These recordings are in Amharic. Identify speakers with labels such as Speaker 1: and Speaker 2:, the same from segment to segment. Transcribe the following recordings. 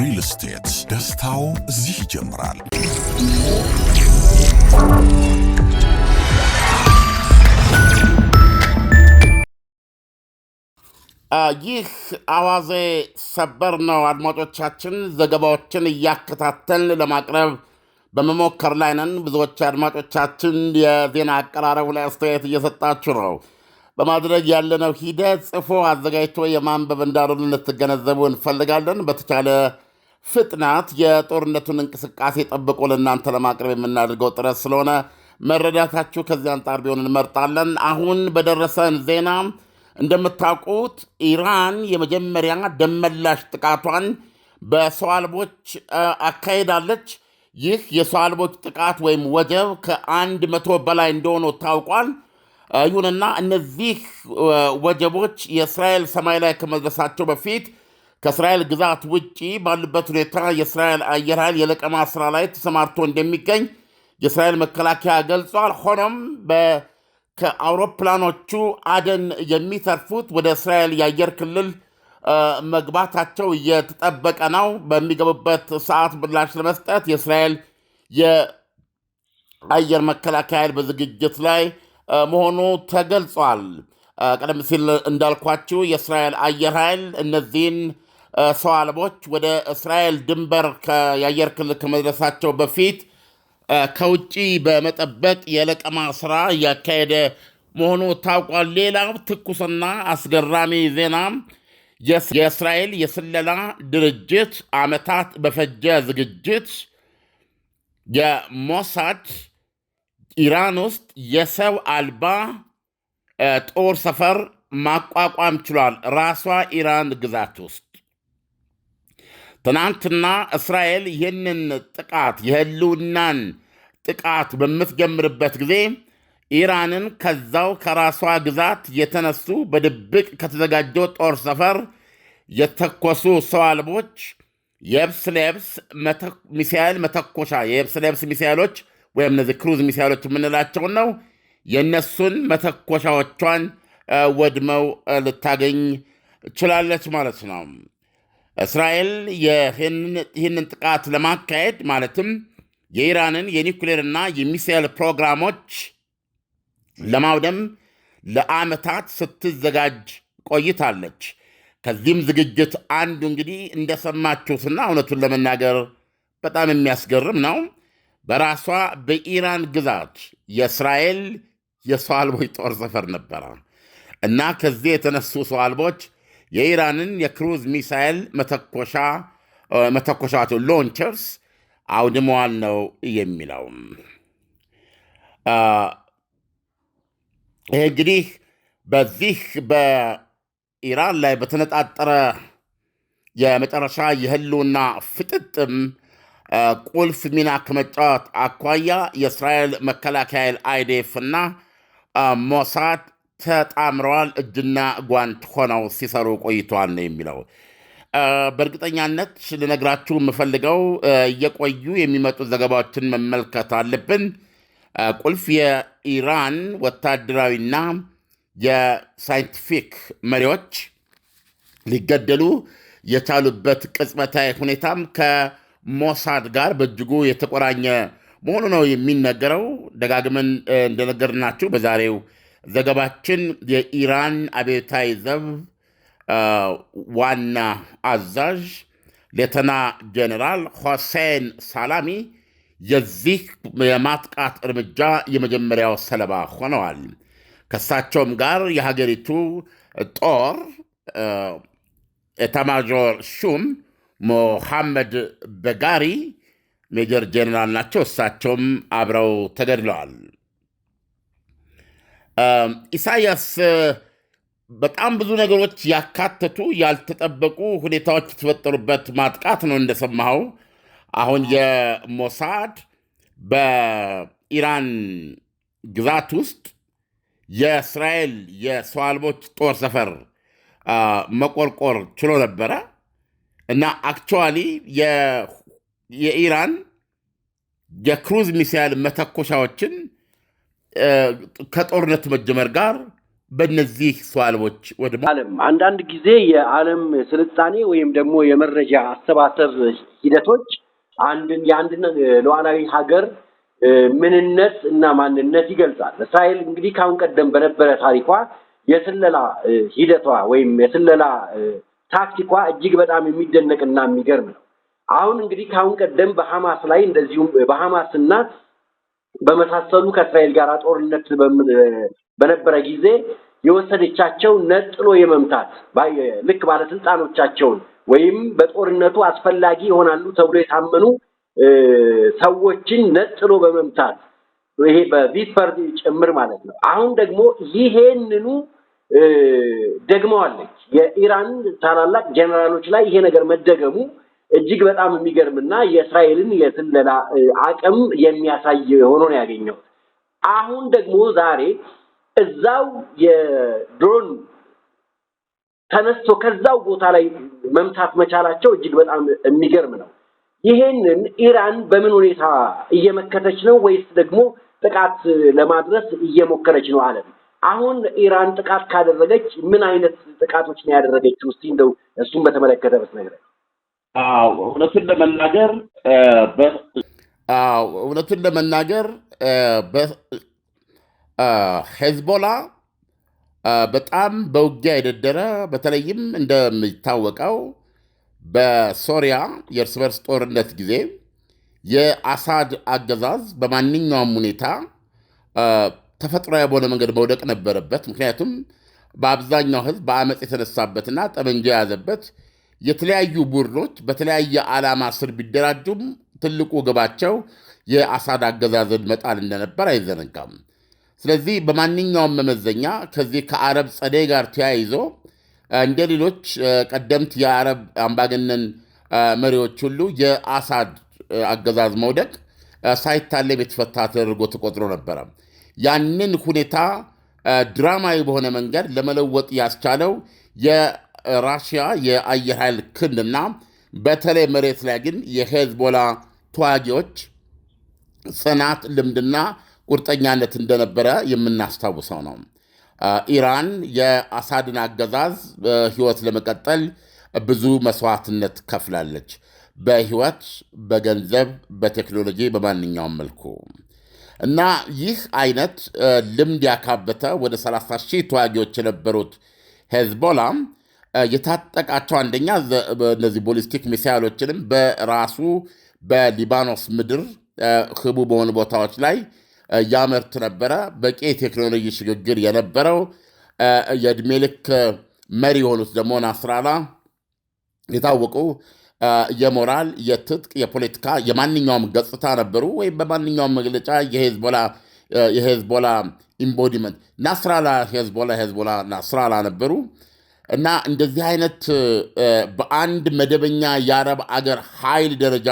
Speaker 1: ሪል ስቴት ደስታው እዚህ ይጀምራል።
Speaker 2: ይህ አዋዜ ሰበር ነው። አድማጮቻችን ዘገባዎችን እያከታተል ለማቅረብ በመሞከር ላይ ነን። ብዙዎች አድማጮቻችን የዜና አቀራረቡ ላይ አስተያየት እየሰጣችሁ ነው። በማድረግ ያለነው ሂደት ጽፎ አዘጋጅቶ የማንበብ እንዳልሆነ ልትገነዘቡ እንፈልጋለን። በተቻለ ፍጥነት የጦርነቱን እንቅስቃሴ ጠብቆ ለእናንተ ለማቅረብ የምናደርገው ጥረት ስለሆነ መረዳታችሁ ከዚህ አንጻር ቢሆን እንመርጣለን። አሁን በደረሰን ዜና እንደምታውቁት ኢራን የመጀመሪያ ደመላሽ ጥቃቷን በሰው አልቦች አካሄዳለች። ይህ የሰው አልቦች ጥቃት ወይም ወጀብ ከአንድ መቶ በላይ እንደሆኑ ታውቋል። ይሁንና እነዚህ ወጀቦች የእስራኤል ሰማይ ላይ ከመድረሳቸው በፊት ከእስራኤል ግዛት ውጪ ባሉበት ሁኔታ የእስራኤል አየር ኃይል የለቀማ ስራ ላይ ተሰማርቶ እንደሚገኝ የእስራኤል መከላከያ ገልጿል። ሆኖም ከአውሮፕላኖቹ አደን የሚተርፉት ወደ እስራኤል የአየር ክልል መግባታቸው እየተጠበቀ ነው። በሚገቡበት ሰዓት ምላሽ ለመስጠት የእስራኤል የአየር መከላከያ ኃይል በዝግጅት ላይ መሆኑ ተገልጿል። ቀደም ሲል እንዳልኳችሁ የእስራኤል አየር ኃይል እነዚህን ሰው አልቦች ወደ እስራኤል ድንበር የአየር ክልል ከመድረሳቸው በፊት ከውጭ በመጠበቅ የለቀማ ስራ እያካሄደ መሆኑ ታውቋል። ሌላው ትኩስና አስገራሚ ዜና የእስራኤል የስለላ ድርጅት ዓመታት በፈጀ ዝግጅት የሞሳድ ኢራን ውስጥ የሰው አልባ ጦር ሰፈር ማቋቋም ችሏል። ራሷ ኢራን ግዛት ውስጥ ትናንትና እስራኤል ይህንን ጥቃት የህልውናን ጥቃት በምትጀምርበት ጊዜ ኢራንን ከዛው ከራሷ ግዛት የተነሱ በድብቅ ከተዘጋጀው ጦር ሰፈር የተኮሱ ሰው አልቦች የብስ ለብስ ሚሳይል መተኮሻ የብስ ለብስ ሚሳይሎች ወይም እነዚህ ክሩዝ ሚሳይሎች የምንላቸውን ነው። የእነሱን መተኮሻዎቿን ወድመው ልታገኝ ችላለች ማለት ነው። እስራኤል ይህንን ጥቃት ለማካሄድ ማለትም የኢራንን የኒውክሌርና የሚሳኤል ፕሮግራሞች ለማውደም ለዓመታት ስትዘጋጅ ቆይታለች። ከዚህም ዝግጅት አንዱ እንግዲህ እንደሰማችሁትና እውነቱን ለመናገር በጣም የሚያስገርም ነው። በራሷ በኢራን ግዛት የእስራኤል የሰው አልቦች ጦር ሰፈር ነበረ እና ከዚህ የተነሱ ሰው አልቦች የኢራንን የክሩዝ ሚሳይል መተኮሻቸው ሎንቸርስ አውድመዋል ነው የሚለው። ይህ እንግዲህ በዚህ በኢራን ላይ በተነጣጠረ የመጨረሻ የህልውና ፍጥጥም ቁልፍ ሚና ከመጫወት አኳያ የእስራኤል መከላከያ ኃይል አይዴፍ እና ሞሳድ ተጣምረዋል፣ እጅና ጓንት ሆነው ሲሰሩ ቆይተዋል ነው የሚለው። በእርግጠኛነት ልነግራችሁ የምፈልገው እየቆዩ የሚመጡ ዘገባዎችን መመልከት አለብን። ቁልፍ የኢራን ወታደራዊና የሳይንቲፊክ መሪዎች ሊገደሉ የቻሉበት ቅጽበታዊ ሁኔታም ከሞሳድ ጋር በእጅጉ የተቆራኘ መሆኑ ነው የሚነገረው። ደጋግመን እንደነገርናችሁ በዛሬው ዘገባችን የኢራን አብዮታዊ ዘብ ዋና አዛዥ ሌተና ጀነራል ሆሴን ሳላሚ የዚህ የማጥቃት እርምጃ የመጀመሪያው ሰለባ ሆነዋል። ከእሳቸውም ጋር የሀገሪቱ ጦር ኤታማዦር ሹም ሞሐመድ በጋሪ ሜጀር ጄኔራል ናቸው። እሳቸውም አብረው ተገድለዋል። Um, ኢሳያስ uh, በጣም ብዙ ነገሮች ያካተቱ ያልተጠበቁ ሁኔታዎች የተፈጠሩበት ማጥቃት ነው። እንደሰማኸው አሁን የሞሳድ በኢራን ግዛት ውስጥ የእስራኤል የሰው አልቦች ጦር ሰፈር uh, መቆርቆር ችሎ ነበረ እና አክቹዋሊ የኢራን የክሩዝ ሚሳይል መተኮሻዎችን ከጦርነት መጀመር ጋር በእነዚህ ሰዋልቦች አልቦች
Speaker 3: ዓለም አንዳንድ ጊዜ የዓለም ስልጣኔ ወይም ደግሞ የመረጃ አሰባሰብ ሂደቶች አንድን የአንድን ሉዓላዊ ሀገር ምንነት እና ማንነት ይገልጻል። እስራኤል እንግዲህ ካሁን ቀደም በነበረ ታሪኳ የስለላ ሂደቷ ወይም የስለላ ታክቲኳ እጅግ በጣም የሚደነቅና የሚገርም ነው። አሁን እንግዲህ ካሁን ቀደም በሐማስ ላይ እንደዚሁም በሐማስ እና በመሳሰሉ ከእስራኤል ጋር ጦርነት በነበረ ጊዜ የወሰደቻቸው ነጥሎ የመምታት ልክ ባለስልጣኖቻቸውን ወይም በጦርነቱ አስፈላጊ ይሆናሉ ተብሎ የታመኑ ሰዎችን ነጥሎ በመምታት ይሄ በቪፐር ጭምር ማለት ነው። አሁን ደግሞ ይሄንኑ ደግመዋለች። የኢራን ታላላቅ ጀነራሎች ላይ ይሄ ነገር መደገሙ እጅግ በጣም የሚገርምና የእስራኤልን የስለላ አቅም የሚያሳይ ሆኖ ነው ያገኘው። አሁን ደግሞ ዛሬ እዛው የድሮን ተነስቶ ከዛው ቦታ ላይ መምታት መቻላቸው እጅግ በጣም የሚገርም ነው። ይሄንን ኢራን በምን ሁኔታ እየመከተች ነው ወይስ ደግሞ ጥቃት ለማድረስ እየሞከረች ነው አለም? አሁን ኢራን ጥቃት ካደረገች ምን አይነት ጥቃቶች ነው ያደረገችው? እስቲ እንደው እሱን በተመለከተ ነገር
Speaker 2: እውነቱን ለመናገር እውነቱን ለመናገር ሄዝቦላ በጣም በውጊያ የደደረ በተለይም እንደሚታወቀው በሶሪያ የእርስ በርስ ጦርነት ጊዜ የአሳድ አገዛዝ በማንኛውም ሁኔታ ተፈጥሯዊ በሆነ መንገድ መውደቅ ነበረበት። ምክንያቱም በአብዛኛው ሕዝብ በአመፅ የተነሳበትና ጠመንጃ የያዘበት የተለያዩ ቡድኖች በተለያየ ዓላማ ስር ቢደራጁም ትልቁ ግባቸው የአሳድ አገዛዝን መጣል እንደነበር አይዘነጋም። ስለዚህ በማንኛውም መመዘኛ ከዚህ ከአረብ ጸደይ ጋር ተያይዞ እንደ ሌሎች ቀደምት የአረብ አምባገነን መሪዎች ሁሉ የአሳድ አገዛዝ መውደቅ ሳይታለም የተፈታ ተደርጎ ተቆጥሮ ነበረ። ያንን ሁኔታ ድራማዊ በሆነ መንገድ ለመለወጥ ያስቻለው ራሽያ የአየር ኃይል ክንድና በተለይ መሬት ላይ ግን የሄዝቦላ ተዋጊዎች ጽናት፣ ልምድና ቁርጠኛነት እንደነበረ የምናስታውሰው ነው። ኢራን የአሳድን አገዛዝ ሕይወት ለመቀጠል ብዙ መስዋዕትነት ከፍላለች። በሕይወት፣ በገንዘብ፣ በቴክኖሎጂ፣ በማንኛውም መልኩ እና ይህ አይነት ልምድ ያካበተ ወደ 30 ሺህ ተዋጊዎች የነበሩት ሄዝቦላ የታጠቃቸው አንደኛ እነዚህ ቦሊስቲክ ሚሳይሎችንም በራሱ በሊባኖስ ምድር ህቡ በሆኑ ቦታዎች ላይ ያመርት ነበረ። በቂ የቴክኖሎጂ ሽግግር የነበረው የእድሜ ልክ መሪ የሆኑት ደግሞ ናስራላ የታወቁ የሞራል፣ የትጥቅ፣ የፖለቲካ የማንኛውም ገጽታ ነበሩ። ወይም በማንኛውም መግለጫ የሄዝቦላ ኢምቦዲመንት ናስራላ ሄዝቦላ ሄዝቦላ ናስራላ ነበሩ። እና እንደዚህ አይነት በአንድ መደበኛ የአረብ አገር ኃይል ደረጃ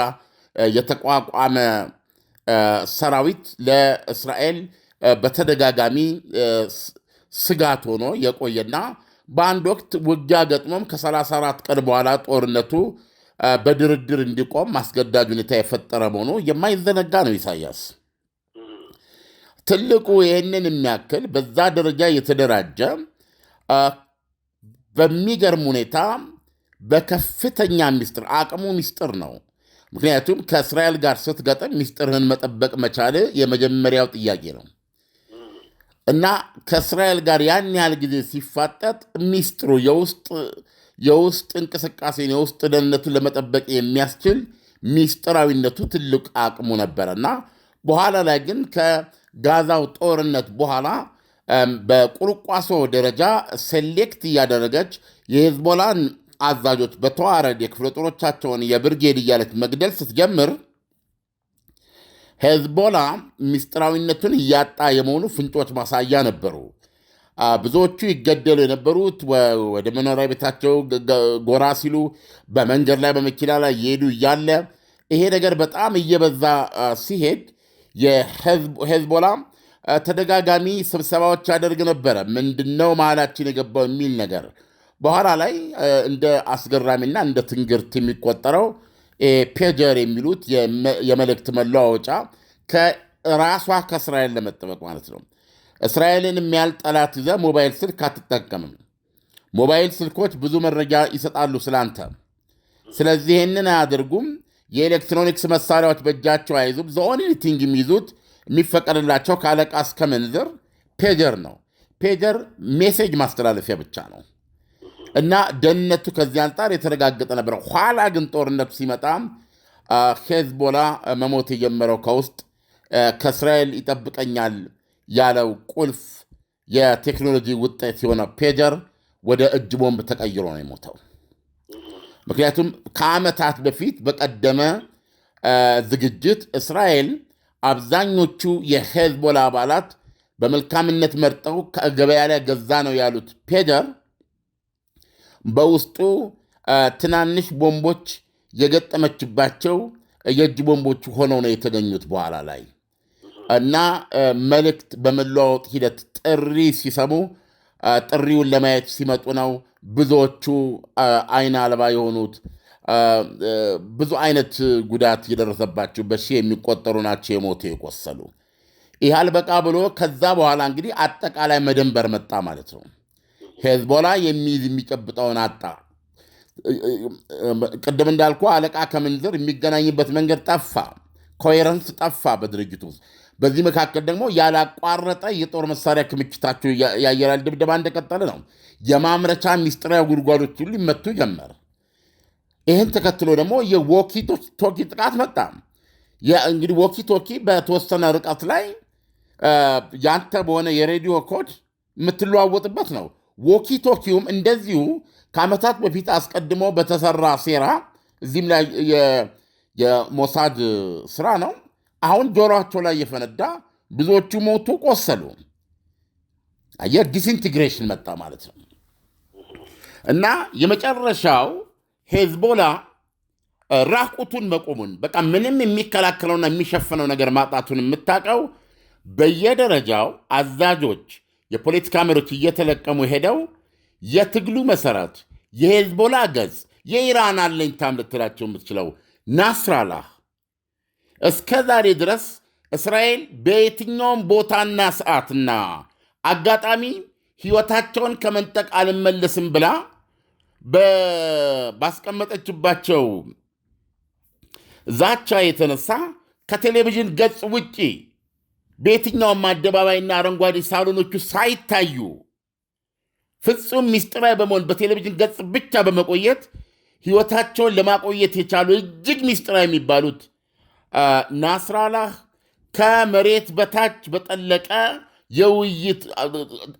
Speaker 2: የተቋቋመ ሰራዊት ለእስራኤል በተደጋጋሚ ስጋት ሆኖ የቆየና በአንድ ወቅት ውጊያ ገጥሞም ከ34 ቀን በኋላ ጦርነቱ በድርድር እንዲቆም አስገዳጅ ሁኔታ የፈጠረ መሆኑ የማይዘነጋ ነው። ኢሳያስ ትልቁ ይህንን የሚያክል በዛ ደረጃ የተደራጀ በሚገርም ሁኔታ በከፍተኛ ሚስጥር አቅሙ ሚስጥር ነው። ምክንያቱም ከእስራኤል ጋር ስትገጥም ሚስጥርህን መጠበቅ መቻል የመጀመሪያው ጥያቄ ነው እና ከእስራኤል ጋር ያን ያህል ጊዜ ሲፋጠጥ ሚስጥሩ የውስጥ እንቅስቃሴን የውስጥ ደህንነቱን ለመጠበቅ የሚያስችል ሚስጥራዊነቱ ትልቅ አቅሙ ነበረ እና በኋላ ላይ ግን ከጋዛው ጦርነት በኋላ በቁርቋሶ ደረጃ ሴሌክት እያደረገች የሄዝቦላን አዛዦች በተዋረድ የክፍለ ጦሮቻቸውን የብርጌድ እያለች መግደል ስትጀምር ሄዝቦላ ምስጢራዊነቱን እያጣ የመሆኑ ፍንጮች ማሳያ ነበሩ። ብዙዎቹ ይገደሉ የነበሩት ወደ መኖሪያ ቤታቸው ጎራ ሲሉ፣ በመንገድ ላይ በመኪና ላይ እየሄዱ እያለ ይሄ ነገር በጣም እየበዛ ሲሄድ የሄዝቦላ ተደጋጋሚ ስብሰባዎች ያደርግ ነበረ። ምንድነው መሀላችን የገባው የሚል ነገር በኋላ ላይ እንደ አስገራሚና እንደ ትንግርት የሚቆጠረው ፔጀር የሚሉት የመልእክት መለዋወጫ ከራሷ ከእስራኤል ለመጠበቅ ማለት ነው። እስራኤልን የሚያል ጠላት ሞባይል ስልክ አትጠቀምም። ሞባይል ስልኮች ብዙ መረጃ ይሰጣሉ ስላንተ። ስለዚህ ይህንን አያደርጉም። የኤሌክትሮኒክስ መሳሪያዎች በእጃቸው አይዙም። ዘኦንሊ ቲንግ የሚይዙት የሚፈቀድላቸው ከአለቃ እስከ መንዝር ፔጀር ነው። ፔጀር ሜሴጅ ማስተላለፊያ ብቻ ነው እና ደህንነቱ ከዚህ አንጻር የተረጋገጠ ነበረ። ኋላ ግን ጦርነቱ ሲመጣ ሄዝቦላ መሞት የጀመረው ከውስጥ ከእስራኤል ይጠብቀኛል ያለው ቁልፍ የቴክኖሎጂ ውጤት የሆነ ፔጀር ወደ እጅ ቦምብ ተቀይሮ ነው የሞተው። ምክንያቱም ከዓመታት በፊት በቀደመ ዝግጅት እስራኤል አብዛኞቹ የሄዝቦላ አባላት በመልካምነት መርጠው ከገበያ ላይ ገዛ ነው ያሉት ፔደር በውስጡ ትናንሽ ቦምቦች የገጠመችባቸው የእጅ ቦምቦች ሆነው ነው የተገኙት በኋላ ላይ እና መልእክት በመለዋወጥ ሂደት ጥሪ ሲሰሙ ጥሪውን ለማየት ሲመጡ ነው ብዙዎቹ አይነ አልባ የሆኑት። ብዙ አይነት ጉዳት የደረሰባቸው በሺ የሚቆጠሩ ናቸው የሞቱ የቆሰሉ። ይህ አልበቃ ብሎ ከዛ በኋላ እንግዲህ አጠቃላይ መደንበር መጣ ማለት ነው። ሄዝቦላ የሚይዝ የሚጨብጠውን አጣ። ቅድም እንዳልኩ አለቃ ከምንዝር የሚገናኝበት መንገድ ጠፋ። ኮሄረንስ ጠፋ በድርጅቱ ውስጥ። በዚህ መካከል ደግሞ ያላቋረጠ የጦር መሳሪያ ክምችታቸው የአየር ድብደባ እንደቀጠለ ነው። የማምረቻ ሚስጥራዊ ጉድጓዶች ሁሉ ይመቱ ጀመር። ይህን ተከትሎ ደግሞ የዎኪ ቶኪ ጥቃት መጣ። እንግዲህ ዎኪ ቶኪ በተወሰነ ርቀት ላይ ያንተ በሆነ የሬዲዮ ኮድ የምትለዋወጥበት ነው። ዎኪ ቶኪውም እንደዚሁ ከዓመታት በፊት አስቀድሞ በተሰራ ሴራ እዚህም ላይ የሞሳድ ስራ ነው። አሁን ጆሮቸው ላይ የፈነዳ ብዙዎቹ ሞቱ፣ ቆሰሉ። የዲስኢንቲግሬሽን መጣ ማለት ነው እና የመጨረሻው ሄዝቦላ ራቁቱን መቆሙን በቃ ምንም የሚከላከለውና የሚሸፍነው ነገር ማጣቱን የምታውቀው በየደረጃው አዛዦች፣ የፖለቲካ መሪዎች እየተለቀሙ ሄደው የትግሉ መሰረት የሄዝቦላ ገጽ የኢራን አለኝታም ልትላቸው የምትችለው ናስራላህ እስከ ዛሬ ድረስ እስራኤል በየትኛውም ቦታና ሰዓትና አጋጣሚ ሕይወታቸውን ከመንጠቅ አልመለስም ብላ ባስቀመጠችባቸው ዛቻ የተነሳ ከቴሌቪዥን ገጽ ውጪ በየትኛውም አደባባይና አረንጓዴ ሳሎኖቹ ሳይታዩ ፍጹም ሚስጥራዊ በመሆን በቴሌቪዥን ገጽ ብቻ በመቆየት ሕይወታቸውን ለማቆየት የቻሉ እጅግ ሚስጥራዊ የሚባሉት ናስራላህ ከመሬት በታች በጠለቀ የውይይት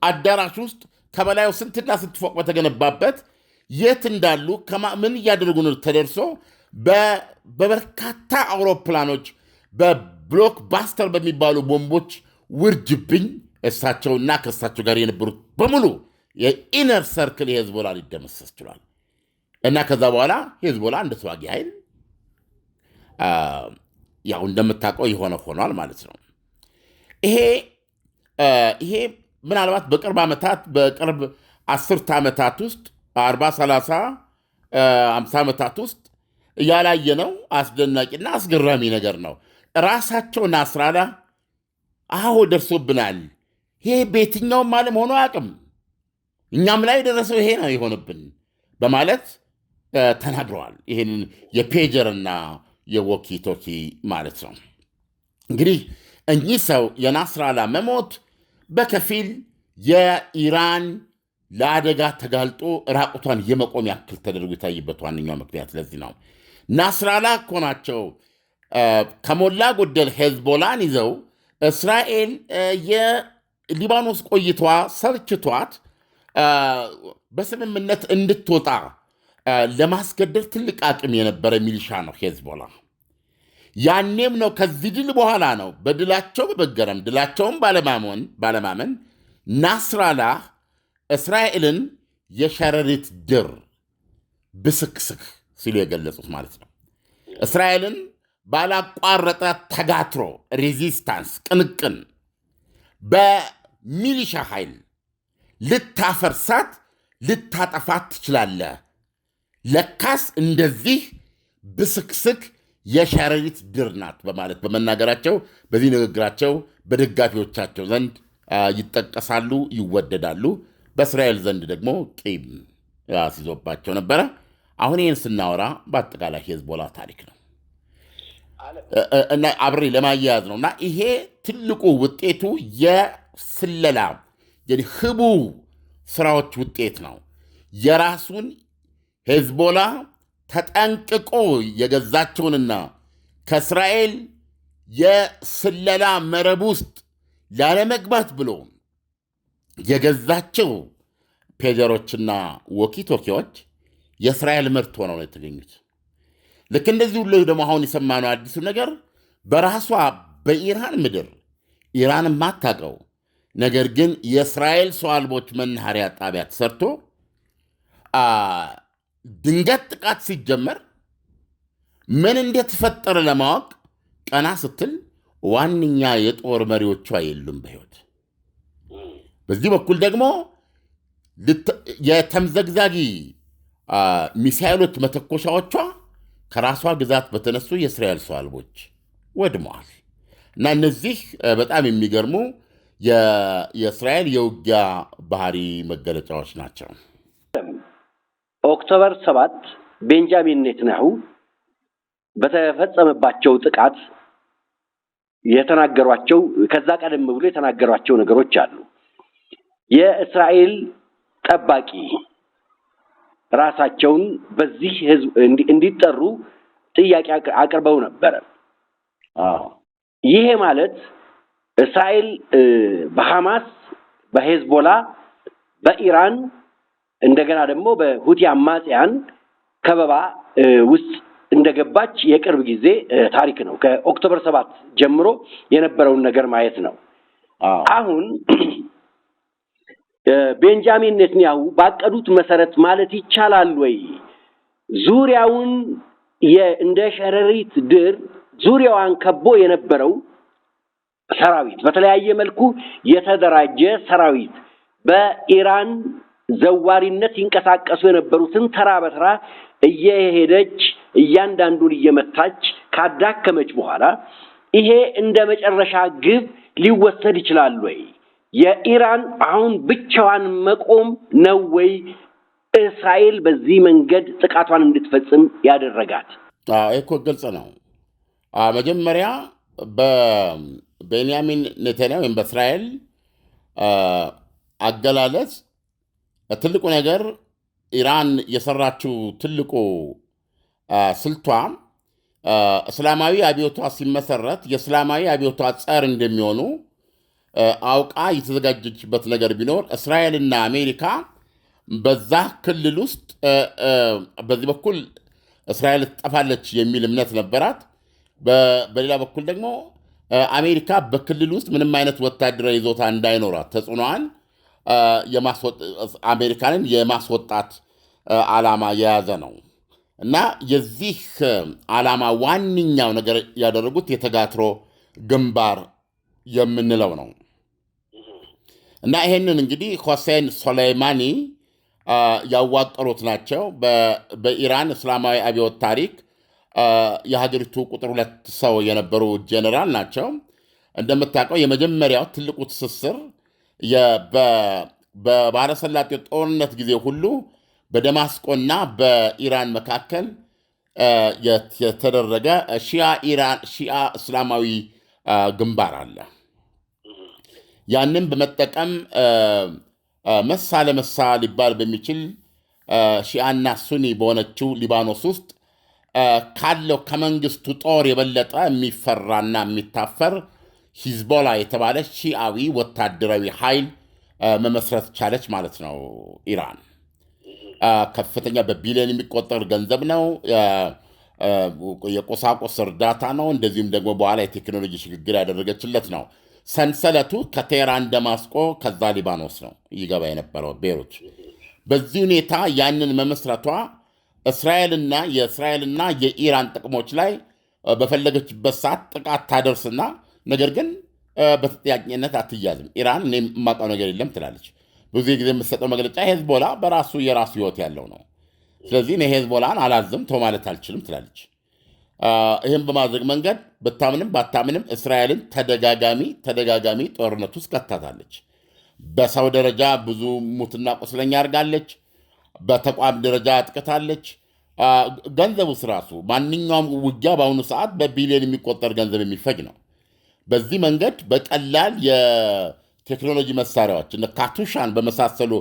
Speaker 2: አዳራሽ ውስጥ ከበላዩ ስንትና ስንት ፎቅ በተገነባበት የት እንዳሉ ምን እያደረጉ ነው ተደርሶ በበርካታ አውሮፕላኖች በብሎክ ባስተር በሚባሉ ቦምቦች ውርጅብኝ እሳቸውና ከእሳቸው ጋር የነበሩት በሙሉ የኢነር ሰርክል የሄዝቦላ ሊደመሰስ ችሏል። እና ከዛ በኋላ ሄዝቦላ እንደ ተዋጊ ኃይል ያው እንደምታውቀው የሆነ ሆኗል ማለት ነው። ይሄ ይሄ ምናልባት በቅርብ ዓመታት በቅርብ አስርት ዓመታት ውስጥ አርባ ሰላሳ አምሳ ዓመታት ውስጥ ያላየነው አስደናቂና አስገራሚ ነገር ነው። ራሳቸው ናስራላ አሁ ደርሶብናል፣ ይሄ በየትኛውም ዓለም ሆኖ አቅም እኛም ላይ የደረሰው ይሄ ነው የሆንብን በማለት ተናግረዋል። ይህንን የፔጀርና የወኪ ቶኪ ማለት ነው። እንግዲህ እኚህ ሰው የናስራላ መሞት በከፊል የኢራን ለአደጋ ተጋልጦ ራቁቷን የመቆም ያክል ተደርጎ የታይበት ዋነኛው ምክንያት ለዚህ ነው። ናስራላ እኮ ናቸው ከሞላ ጎደል ሄዝቦላን ይዘው እስራኤል የሊባኖስ ቆይቷ ሰልችቷት በስምምነት እንድትወጣ ለማስገደድ ትልቅ አቅም የነበረ ሚሊሻ ነው ሄዝቦላ። ያኔም ነው ከዚህ ድል በኋላ ነው በድላቸው በመገረም ድላቸውን ባለማመን ናስራላህ እስራኤልን የሸረሪት ድር ብስክስክ ሲሉ የገለጹት ማለት ነው። እስራኤልን ባላቋረጠ ተጋትሮ ሬዚስታንስ፣ ቅንቅን በሚሊሻ ኃይል ልታፈርሳት ልታጠፋት ትችላለህ። ለካስ እንደዚህ ብስክስክ የሸረሪት ድር ናት በማለት በመናገራቸው በዚህ ንግግራቸው በደጋፊዎቻቸው ዘንድ ይጠቀሳሉ፣ ይወደዳሉ። በእስራኤል ዘንድ ደግሞ ቂም አስይዞባቸው ነበረ። አሁን ይህን ስናወራ በአጠቃላይ ሄዝቦላ ታሪክ ነው እና አብሬ ለማያያዝ ነው እና ይሄ ትልቁ ውጤቱ የስለላ ህቡ ስራዎች ውጤት ነው። የራሱን ሄዝቦላ ተጠንቅቆ የገዛቸውንና ከእስራኤል የስለላ መረብ ውስጥ ላለመግባት ብሎ የገዛቸው ፔጀሮችና ወኪቶኪዎች የእስራኤል ምርት ሆነው ነው የተገኙት። ልክ እንደዚህ ሁሉ ደግሞ አሁን የሰማነው አዲሱ ነገር በራሷ በኢራን ምድር ኢራን የማታውቀው ነገር ግን የእስራኤል ሰው አልቦች መናኸሪያ ጣቢያ ተሰርቶ ድንገት ጥቃት ሲጀመር ምን እንደተፈጠረ ለማወቅ ቀና ስትል ዋነኛ የጦር መሪዎቿ የሉም በሕይወት። በዚህ በኩል ደግሞ የተምዘግዛጊ ሚሳይሎች መተኮሻዎቿ ከራሷ ግዛት በተነሱ የእስራኤል ሰው አልቦች ወድመዋል እና እነዚህ በጣም የሚገርሙ የእስራኤል የውጊያ ባህሪ መገለጫዎች ናቸው።
Speaker 3: ኦክቶበር ሰባት ቤንጃሚን ኔትንያሁ በተፈጸመባቸው ጥቃት የተናገሯቸው ከዛ ቀደም ብሎ የተናገሯቸው ነገሮች አሉ። የእስራኤል ጠባቂ ራሳቸውን በዚህ ህዝብ እንዲጠሩ ጥያቄ አቅርበው ነበረ። ይሄ ማለት እስራኤል በሐማስ፣ በሄዝቦላ፣ በኢራን እንደገና ደግሞ በሁቲ አማጽያን ከበባ ውስጥ እንደገባች የቅርብ ጊዜ ታሪክ ነው። ከኦክቶበር ሰባት ጀምሮ የነበረውን ነገር ማየት ነው። አሁን ቤንጃሚን ኔትንያሁ ባቀዱት መሰረት ማለት ይቻላል ወይ ዙሪያውን እንደ ሸረሪት ድር ዙሪያዋን ከቦ የነበረው ሰራዊት በተለያየ መልኩ የተደራጀ ሰራዊት በኢራን ዘዋሪነት ይንቀሳቀሱ የነበሩትን ተራ በተራ እየሄደች እያንዳንዱን እየመታች ካዳከመች በኋላ ይሄ እንደ መጨረሻ ግብ ሊወሰድ ይችላል ወይ? የኢራን አሁን ብቻዋን መቆም ነው ወይ እስራኤል በዚህ መንገድ ጥቃቷን እንድትፈጽም ያደረጋት?
Speaker 2: እኮ ግልጽ ነው። መጀመሪያ በቤንያሚን ኔታንያሁ ወይም በእስራኤል አገላለጽ ትልቁ ነገር ኢራን የሰራችው ትልቁ ስልቷ እስላማዊ አብዮቷ ሲመሰረት የእስላማዊ አብዮቷ ጸር እንደሚሆኑ አውቃ የተዘጋጀችበት ነገር ቢኖር እስራኤልና አሜሪካ በዛ ክልል ውስጥ በዚህ በኩል እስራኤል ትጠፋለች የሚል እምነት ነበራት። በሌላ በኩል ደግሞ አሜሪካ በክልል ውስጥ ምንም አይነት ወታደራዊ ይዞታ እንዳይኖራት ተጽዕኖዋን አሜሪካንን የማስወጣት ዓላማ የያዘ ነው እና የዚህ ዓላማ ዋነኛው ነገር ያደረጉት የተጋትሮ ግንባር የምንለው ነው እና ይሄንን እንግዲህ ሆሴን ሶሌይማኒ ያዋቀሩት ናቸው። በኢራን እስላማዊ አብዮት ታሪክ የሀገሪቱ ቁጥር ሁለት ሰው የነበሩ ጄኔራል ናቸው። እንደምታውቀው የመጀመሪያው ትልቁ ትስስር በባለሰላጤ ጦርነት ጊዜ ሁሉ በደማስቆና በኢራን መካከል የተደረገ ሺያ እስላማዊ ግንባር አለ። ያንን በመጠቀም መሳ ለመሳ ሊባል በሚችል ሺአና ሱኒ በሆነችው ሊባኖስ ውስጥ ካለው ከመንግስቱ ጦር የበለጠ የሚፈራና የሚታፈር ሂዝቦላ የተባለ ሺአዊ ወታደራዊ ኃይል መመስረት ቻለች ማለት ነው። ኢራን ከፍተኛ በቢሊዮን የሚቆጠር ገንዘብ ነው፣ የቁሳቁስ እርዳታ ነው፣ እንደዚሁም ደግሞ በኋላ የቴክኖሎጂ ሽግግር ያደረገችለት ነው። ሰንሰለቱ ከቴህራን ደማስቆ፣ ከዛ ሊባኖስ ነው ይገባ የነበረው ቤሩት። በዚህ ሁኔታ ያንን መመስረቷ እስራኤልና የእስራኤልና የኢራን ጥቅሞች ላይ በፈለገችበት ሰዓት ጥቃት ታደርስና ነገር ግን በተጠያቂነት አትያዝም። ኢራን እኔ የማውቀው ነገር የለም ትላለች። ብዙ ጊዜ የምትሰጠው መግለጫ ሄዝቦላ በራሱ የራሱ ህይወት ያለው ነው። ስለዚህ እኔ ሄዝቦላን አላዝም ማለት አልችልም ትላለች። ይህም በማድረግ መንገድ ብታምንም ባታምንም እስራኤልን ተደጋጋሚ ተደጋጋሚ ጦርነት ውስጥ ከታታለች። በሰው ደረጃ ብዙ ሙትና ቁስለኛ አድርጋለች። በተቋም ደረጃ አጥቅታለች። ገንዘቡ ራሱ ማንኛውም ውጊያ በአሁኑ ሰዓት በቢሊዮን የሚቆጠር ገንዘብ የሚፈጅ ነው። በዚህ መንገድ በቀላል የቴክኖሎጂ መሳሪያዎች ካቱሻን በመሳሰሉ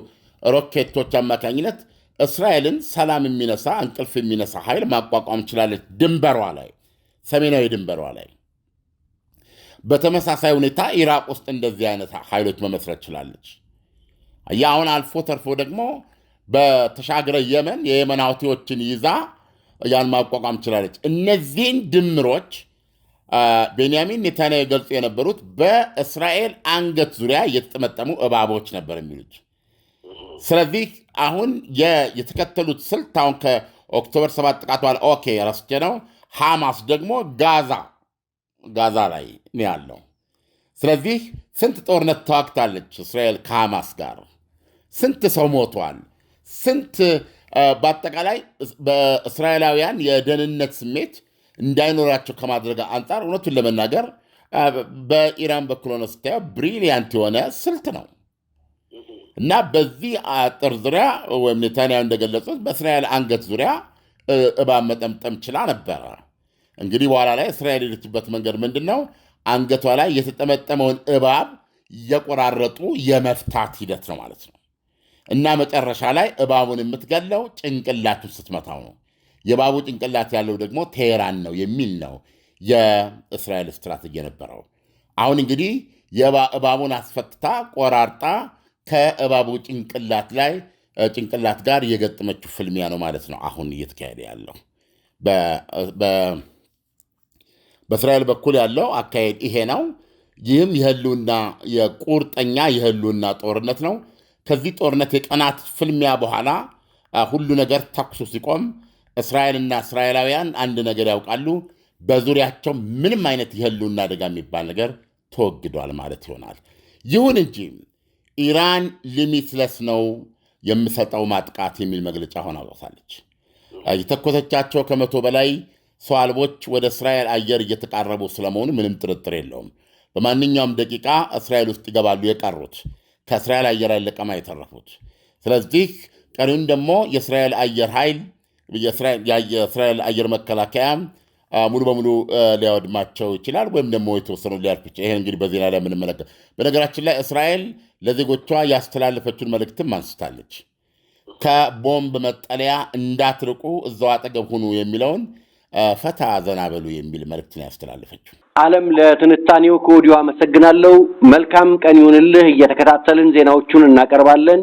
Speaker 2: ሮኬቶች አማካኝነት እስራኤልን ሰላም የሚነሳ እንቅልፍ የሚነሳ ኃይል ማቋቋም ችላለች፣ ድንበሯ ላይ ሰሜናዊ ድንበሯ ላይ። በተመሳሳይ ሁኔታ ኢራቅ ውስጥ እንደዚህ አይነት ኃይሎች መመስረት ችላለች። አሁን አልፎ ተርፎ ደግሞ በተሻገረ የመን የየመን ሁቲዎችን ይዛ ያን ማቋቋም ችላለች። እነዚህን ድምሮች ቤንያሚን ኔታንያሁ ገልጾ የነበሩት በእስራኤል አንገት ዙሪያ እየተጠመጠሙ እባቦች ነበር የሚሉት ስለዚህ አሁን የተከተሉት ስልት አሁን ከኦክቶበር ሰባት ጥቃት በኋላ ኦኬ ረስቼ ነው ሐማስ ደግሞ ጋዛ ጋዛ ላይ ነው ያለው። ስለዚህ ስንት ጦርነት ተዋግታለች እስራኤል ከሐማስ ጋር፣ ስንት ሰው ሞቷል፣ ስንት በአጠቃላይ በእስራኤላውያን የደህንነት ስሜት እንዳይኖራቸው ከማድረግ አንጻር እውነቱን ለመናገር በኢራን በኩል ሆነ ስታየው ብሪሊያንት የሆነ ስልት ነው። እና በዚህ አጥር ዙሪያ ወይም ኔታንያሁ እንደገለጹት በእስራኤል አንገት ዙሪያ እባብ መጠምጠም ችላ ነበረ። እንግዲህ በኋላ ላይ እስራኤል የሄደችበት መንገድ ምንድን ነው? አንገቷ ላይ የተጠመጠመውን እባብ የቆራረጡ የመፍታት ሂደት ነው ማለት ነው። እና መጨረሻ ላይ እባቡን የምትገለው ጭንቅላቱን ስትመታው ነው። የእባቡ ጭንቅላት ያለው ደግሞ ቴሄራን ነው የሚል ነው የእስራኤል ስትራቴጂ የነበረው። አሁን እንግዲህ እባቡን አስፈትታ ቆራርጣ ከእባቡ ጭንቅላት ላይ ጭንቅላት ጋር የገጠመችው ፍልሚያ ነው ማለት ነው አሁን እየተካሄደ ያለው በእስራኤል በኩል ያለው አካሄድ ይሄ ነው። ይህም የህልውና የቁርጠኛ የህልውና ጦርነት ነው። ከዚህ ጦርነት የቀናት ፍልሚያ በኋላ ሁሉ ነገር ተኩሱ ሲቆም እስራኤልና እስራኤላውያን አንድ ነገር ያውቃሉ። በዙሪያቸው ምንም አይነት የህልውና አደጋ የሚባል ነገር ተወግዷል ማለት ይሆናል። ይሁን እንጂ ኢራን ሊሚትለስ ነው የምሰጠው ማጥቃት የሚል መግለጫ ሆና አውጥታለች። የተኮሰቻቸው ከመቶ በላይ ሰው አልቦች ወደ እስራኤል አየር እየተቃረቡ ስለመሆኑ ምንም ጥርጥር የለውም። በማንኛውም ደቂቃ እስራኤል ውስጥ ይገባሉ የቀሩት ከእስራኤል አየር ኃይል ለቀማ የተረፉት። ስለዚህ ቀሪውን ደግሞ የእስራኤል አየር ኃይል የእስራኤል አየር መከላከያ ሙሉ በሙሉ ሊያወድማቸው ይችላል፣ ወይም ደግሞ የተወሰኑ ሊያልፍ ይችላል። ይሄ እንግዲህ በዜና ላይ የምንመለከት በነገራችን ላይ እስራኤል ለዜጎቿ ያስተላለፈችውን መልእክትም አንስታለች። ከቦምብ መጠለያ እንዳትርቁ እዛው አጠገብ ሁኑ የሚለውን ፈታ ዘና በሉ የሚል መልእክትን ያስተላለፈችው።
Speaker 3: አለም ለትንታኔው ከወዲሁ አመሰግናለሁ። መልካም ቀን ይሁንልህ። እየተከታተልን ዜናዎቹን እናቀርባለን።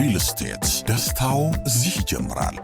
Speaker 1: ሪል ስቴት ደስታው እዚህ ይጀምራል።